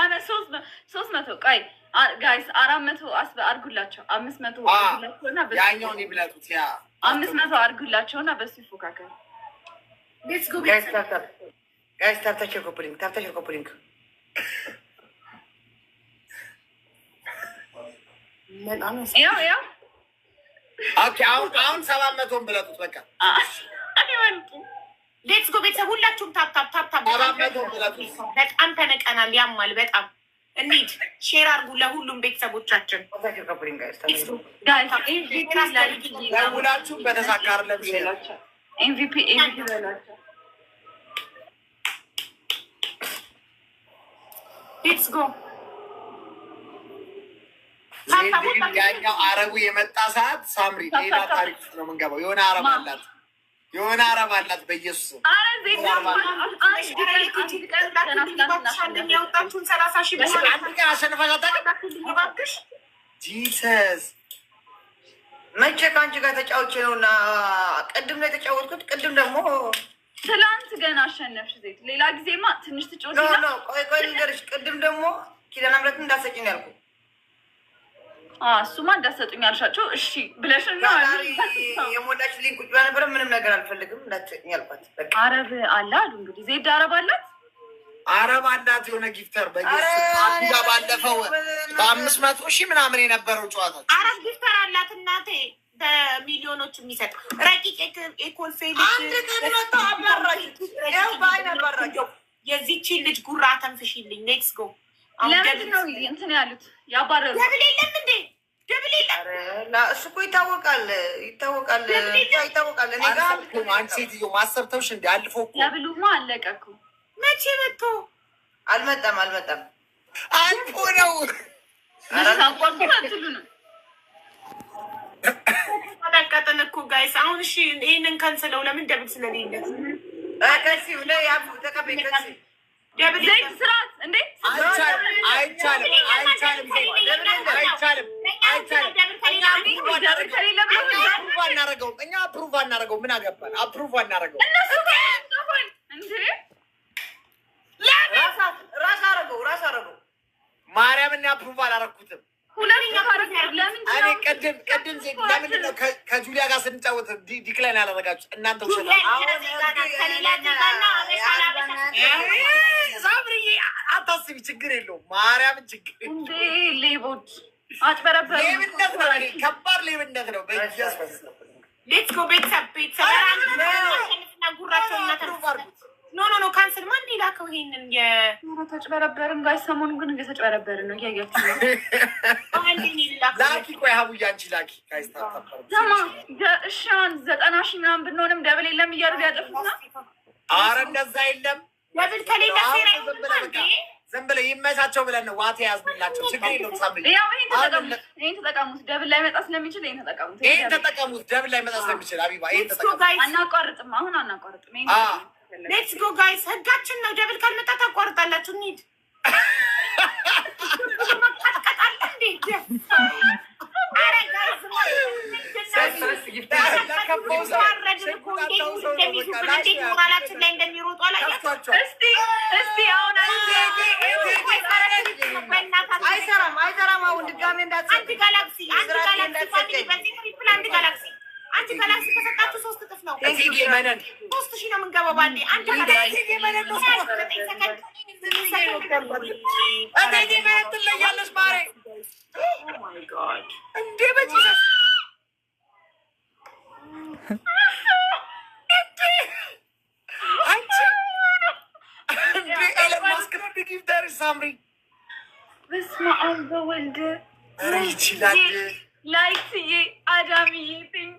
አረ ሶስት ሶስት መቶ ቆይ ጋይስ አራት መቶ አድርጉላቸው። አምስት መቶ ያኛውን ይብለጡት። ያ አምስት መቶ አድርጉላቸው እና በሱ ይፎካከል። ጋይስ ታብታቸው ኮፕሊንግ ታብታቸው ኮፕሊንግ አሁን ሰባት መቶን ብለጡት በቃ አይወልጡም ሌትስ ጎ ቤተሰብ ሁላችሁም ታፕታፕ ታፕታፕ። በጣም ተነቀናል፣ ያማል በጣም እንሂድ። ሼር አድርጉ ለሁሉም ቤተሰቦቻችን። ሁላችሁም ሌትስ ጎ ያኛው አረቡ የመጣ ሰዓት ሳምሪ ሌላ ታሪክ ነው የምንገባው። የሆነ አረብ አላት የሆነ አረብ አላት በኢየሱስ ጂሰስ መቼ ከአንቺ ጋር ተጫወቼ ነው እና ቅድም ላይ የተጫወትኩት። ቅድም ደግሞ ትላንት ገና አሸነፍሽ ዜድ። ሌላ ጊዜማ ትንሽ ትጮ ቆይ ቆይ ልንገርሽ። ቅድም ደግሞ ኪዳነ ምሕረትን እንዳሰጭን ያልኩት እሱማ እንዳሰጡኝ አልሻቸው። እሺ ብለሽ የሞላች ቁጭ ነበረ። ምንም ነገር አልፈልግም እንዳትሰጡኝ አልኳት። አረብ አለ አሉ እንግዲህ ዜድ አረብ አላት፣ አረብ አላት የሆነ ጊፍተር በጋ ባለፈው በአምስት መቶ ሺህ ምናምን የነበረው ጨዋታ አረብ ጊፍተር አላት እናቴ በሚሊዮኖች የሚሰጥ ረቂቅ የዚችን ልጅ ጉራ ተንፍሽልኝ ኔክስ ጎ ለምንድነው እንትን ያሉት ያባረሩ? ደብል የለም እንዴ? ደብል የለም እሱ እኮ ይታወቃል፣ ይታወቃል፣ ይታወቃል። እኔ ጋር አንቺ ሴትዮ ማሰብ ተውሽ። አልፎ ደብሉማ አለቀ እኮ። መቼ መጥቶ አልመጣም፣ አልመጣም። አልፎ ነው ሳቋቋትሉ እኮ ጋይስ። አሁን እሺ፣ ይህንን ከንስለው ለምን ደብል ስለሌለ ቀሲ ብለ ተቀበይ ቀሲ ዘይት ስርዓት እንዴ አላረኩትም። ቅድም ቅድም ለምንድን ነው ከጁሊያ ጋር ስንጫወት ዲክላይን ያላረጋችሁ እናንተ? ሳምርዬ አታስቢ፣ ችግር የለውም። ማርያምን ችግር ሌብነት ነው፣ ከባድ ሌብነት ነው። ኖ ኖ ኖ ካንስል። ማን ላከው ይሄንን? የ ተጭበረበርን ጋይ ሰሞኑ ግን እየተጭበረበርን ነው። ላኪ ቆይ ሀቡዬ አንቺ ላኪ እሺን ዘጠና ሺ ምናምን ብንሆንም ደብል የለም እያደረገ ያጠፉና፣ አረ እንደዛ የለም ደብል ከሌለ ዝም ብለው ይመቻቸው ብለን ነው ዋቴ ያዝምላቸው። ችግር የለውም። ይሄን ተጠቀሙት፣ ደብል ላይ መጣ ስለሚችል ይሄን ተጠቀሙት። ይሄን ተጠቀሙት፣ ደብል ላይ መጣ ስለሚችል አቢባ ይሄን ተጠቀሙት። አናቋርጥም፣ አሁን አናቋርጥም። ይሄን ሌትስ ጎ ጋይስ። ህጋችን ነው። ደብል ካልመጣ ታቋርጣላችሁ። እንሂድ። መቀጥቀጣለ እንዴ! አንድ ጋላክሲ አንድ ጋላክሲ ፋሚሊ በዚህ ትሪፕል አንድ ጋላክሲ አንቺ ከላሲ ከሰጣችሁ ሶስት እጥፍ ነው። ሶስት ሺህ ነው የምንገባው ባንዴ። አንቺ ትለያለሽ ማሬ እንዴ በጂሰስ ሳምሪ በስመ አዳምዬ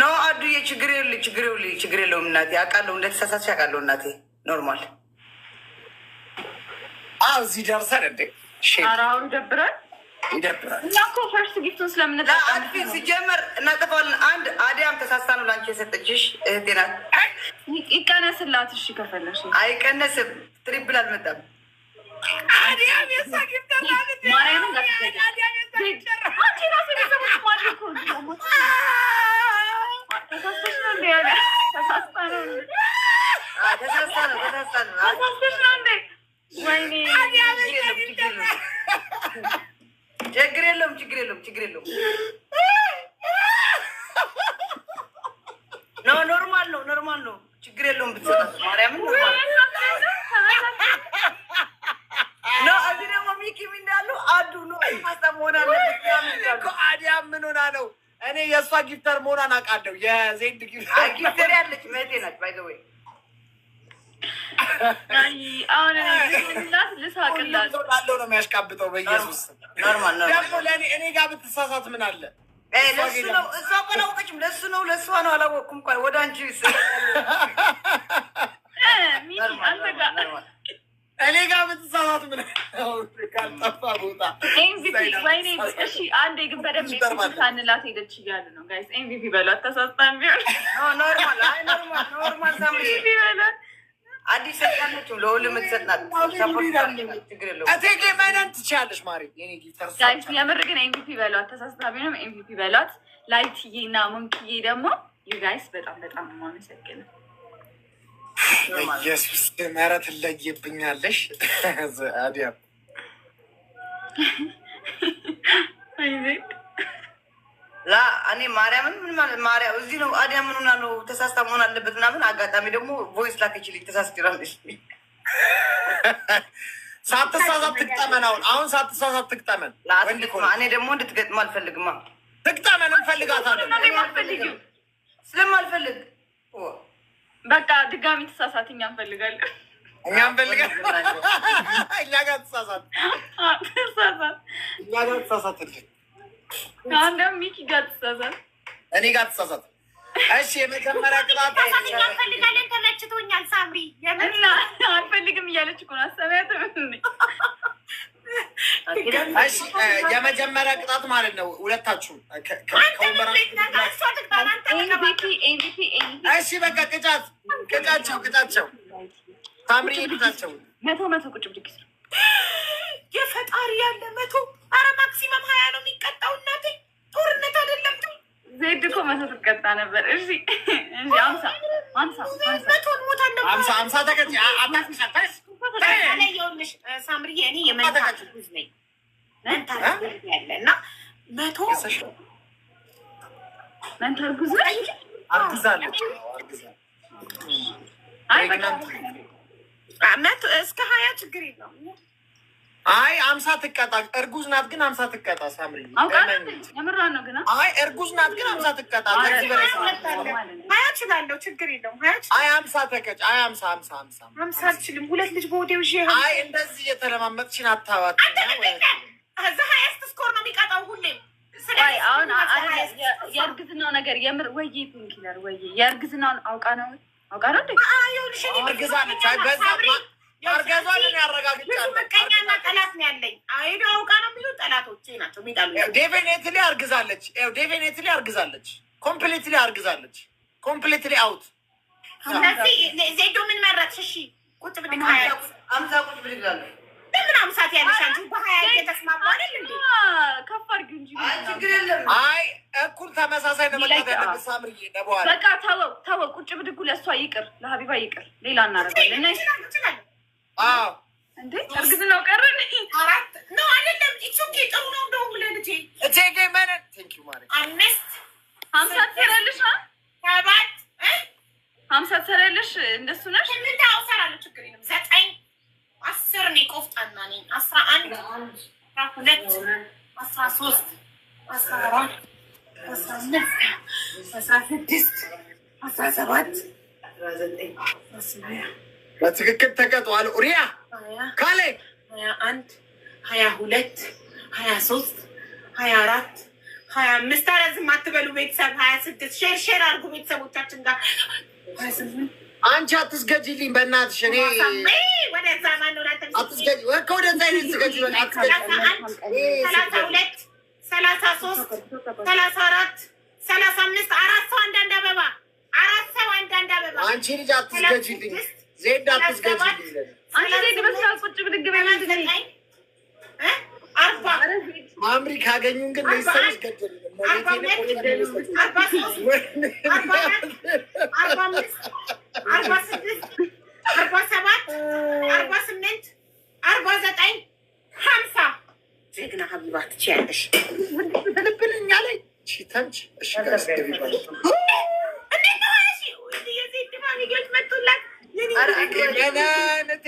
ኖ አዱ የችግር የለ ችግር የለ ችግር የለውም እናቴ። አውቃለሁ እንደተሳሳትሽ አውቃለሁ እናቴ። ኖርማል አዎ። እዚህ ደርሰን እንዴ አራውን ደብረን ይደብራል። እኛ እኮ ፈርስት ጊፍቱን ስለምንጠቀምአድፌ ሲጀመር እናጠፋለን። አንድ አዲያም ተሳስታ ነው ላንቺ የሰጠችሽ እህቴ ናት። ይቀነስላት እሺ፣ ከፈለሽ አይቀነስም። ትሪፕል አልመጣም። አዲያም የሳ ጊፍት ላ እዚህ ደግሞ ሚኪ ጊፍተር መሆኗን አውቃለሁ። የዜድ ጊፍተር ያለች መቴ ናት። ባይዘወይ አሁን ላት ልሳቅላት ነው የሚያሽቃብጠው። በኢየሱስ ደግሞ ለእኔ እኔ ጋር ብትሳሳት ምን አለ? እሷ እኮ አላወቀችም። ለእሱ ነው ለእሷ ነው። አላወቅኩም። እንኳን ወደ አንቺ እኔ ጋር ምትሳሳት ምን ካልጠፋ ቦታ እሺ። አንዴ ግን በደንብ ሳንላት ሄደች እያሉ ነው ጋይስ። ኤምቪፒ በላት ተሳስታም ቢሆን ኖርማል ኖርማል ኖርማል ሳምሪ በላት አዲስ ሰጣነች ለሁሉ የምትሰጥናት ቴጌ መዳን ትችላለች። ማሪ የምር ግን ኤምፒፒ በሏት፣ ተሳስታቢ ነው ኤምፒፒ በሏት። ላይትዬ እና ሙንክዬ ደግሞ ዩጋይስ በጣም በጣም ማመሰግን ኢየሱስ ኧረ ትለየብኛለሽ አዲያ ላ እኔ ማርያምን ምን ማለት ማርያም እዚህ ነው። አዲያ ምን ሆና ነው ተሳስታ መሆን አለበት ምናምን። አጋጣሚ ደግሞ ቮይስ ላከችልኝ ተሳስችላለች። ሳትሳሳት ትግጠመን። አሁን አሁን ሳትሳሳት ትግጠመን። እኔ ደግሞ እንድትገጥም አልፈልግማ። ትግጠመን እንፈልጋታለን። ስለማልፈልግ በቃ ድጋሚ ተሳሳት። እኛ እንፈልጋለን። እኛ እንፈልጋለን። እኛ ጋር ተሳሳት። እኛ ጋር ተሳሳት። ከአንዳም ሚኪ ጋር ትሳሳት፣ እኔ ጋር ትሳሳት። እሺ የመጀመሪያ ቅጣት እንፈልጋለን። ተመችቶኛል ሳምሪ አልፈልግም እያለች እኮ አሰቢያትም። የመጀመሪያ ቅጣት ማለት ነው ሁለታችሁም። እሺ በቃ ቅጫት፣ ቅጫቸው፣ ቅጫቸው። ሳምሪ ቅጫቸው። መቶ መቶ ቁጭ ብድግ የፈጣሪ ያለ መቶ አረ ማክሲመም ሀያ ነው የሚቀጣው። እናቴ ጦርነት አይደለም። ዜድ እኮ መቶ ትቀጣ ነበር። እሺ ይኸውልሽ ሳምሪዬ እኔ የመንታት ልጅ ነኝ። መንታት ያለ እና መቶ መንታር ጉዞ አግዛለሁ እስከ ሀያ ችግር የለውም። አይ አምሳ ትቀጣ። እርጉዝ ናት ግን አምሳ ትቀጣ። ሳምሪ አይ እርጉዝ ናት ግን አምሳ ትቀጣ። ሀያ ችላለሁ፣ ችግር የለውም። አይ አምሳ ተቀጭ። አይ አምሳ አምሳ አምሳ አምሳ አልችልም። ሁለት ልጅ በወዴ ሽ አይ እንደዚህ እየተለማመጥሽን አታዋት። እዛ ሀያ ስት ስኮር ነው የሚቀጣው ሁሌም። አሁን የእርግዝናው ነገር የምር ወይዬ ፔንኪለር ወይዬ የእርግዝናውን አውቃ ነው አውቃ ነው እንዴ አርግዛ ነች። በዛ አርገዟ ያለኝ አይዶ አውቃ ነው የሚሉ ጠላቶቼ ናቸው የሚጣሉ። ዴፊኔትሊ አርግዛለች፣ ዴፊኔትሊ አርግዛለች፣ ኮምፕሊትሊ አርግዛለች፣ ኮምፕሊትሊ አውት። ስለዚህ ዜዶ ምን መረጥሽ? እሺ ቁጭ ብድግ ሀያ ቁጭ ብድግ ላለ ተመሳሳይ ቁጭ ብድጉ ለእሷ ይቅር፣ ለሀቢባ ይቅር። ሌላ እናደርጋለን። እርግዝናው ቀረ ነው አይደለም? ኢትዮጵያ ጥሩ ነው እንደውም ለልጄ እቴጌ መነን አምስት ሀምሳ ትሰሪያለሽ፣ ሰባት ሀምሳ ትሰሪያለሽ። እንደሱ ነሽ። ስምንት እሰራለሁ፣ ችግር የለም። ዘጠኝ አስር እኔ ቆፍጣና ነኝ። አስራ አንድ አስራ ሁለት አስራ ሶስት አስራ አራት አስራ አምስት አስራ ስድስት አስራ ሰባት አስራ ዘጠኝ በትክክል ተቀጥዋል ኡሪያ ካሌ ሀያ አንድ ሀያ ሁለት ሀያ ሶስት ሀያ አራት ሀያ አምስት ኧረ ዝም አትበሉ ቤተሰብ ሀያ ስድስት ሼር ሼር አድርጉ ቤተሰቦቻችን ጋር ሀያ አንቺ አትስገጂልኝ በእናትሽ እኔ ወደዛ ማነው አትስገጂ ከወደዛ አይነት ስገጂ ሰላሳ ሁለት ሰላሳ ሶስት ሰላሳ አራት ሰላሳ አምስት አራት ሰው አንዳንድ አበባ አራት ሰው አንዳንድ አበባ አንቺ ልጅ አትስገጂልኝ ዜድ አትስገጂልኝ ማምሪ ካገኙን ግን ሰዎች ገደል አርባ ሰባት አርባ ስምንት አርባ ዘጠኝ ሀምሳ ጀግና ሀቢባ ትችያለሽ።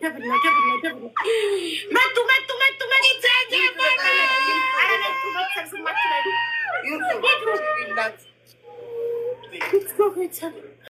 መጡ መጡ መጡ መጡ